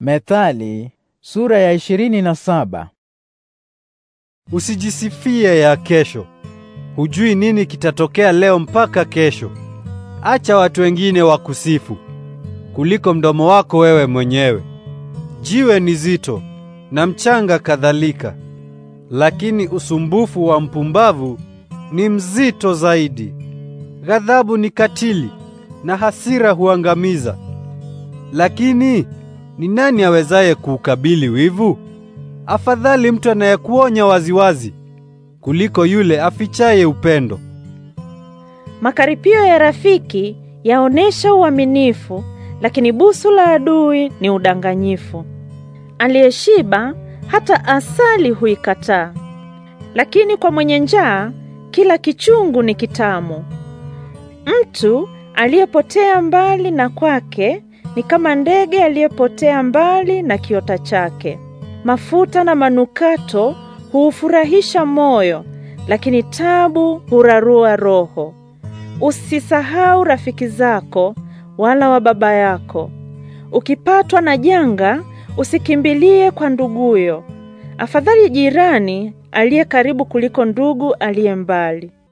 Methali sura ya ishirini na saba. Usijisifie ya kesho, hujui nini kitatokea leo mpaka kesho. Acha watu wengine wakusifu kuliko mdomo wako wewe mwenyewe. Jiwe ni zito na mchanga kadhalika, lakini usumbufu wa mpumbavu ni mzito zaidi. Ghadhabu ni katili na hasira huangamiza, lakini ni nani awezaye kuukabili wivu? Afadhali mtu anayekuonya waziwazi kuliko yule afichaye upendo. Makaripio ya rafiki yaonesha uaminifu, lakini busu la adui ni udanganyifu. Aliyeshiba hata asali huikataa, lakini kwa mwenye njaa kila kichungu ni kitamu. Mtu aliyepotea mbali na kwake ni kama ndege aliyepotea mbali na kiota chake. Mafuta na manukato huufurahisha moyo, lakini tabu hurarua roho. Usisahau rafiki zako wala wa baba yako. Ukipatwa na janga, usikimbilie kwa nduguyo. Afadhali jirani aliye karibu kuliko ndugu aliye mbali.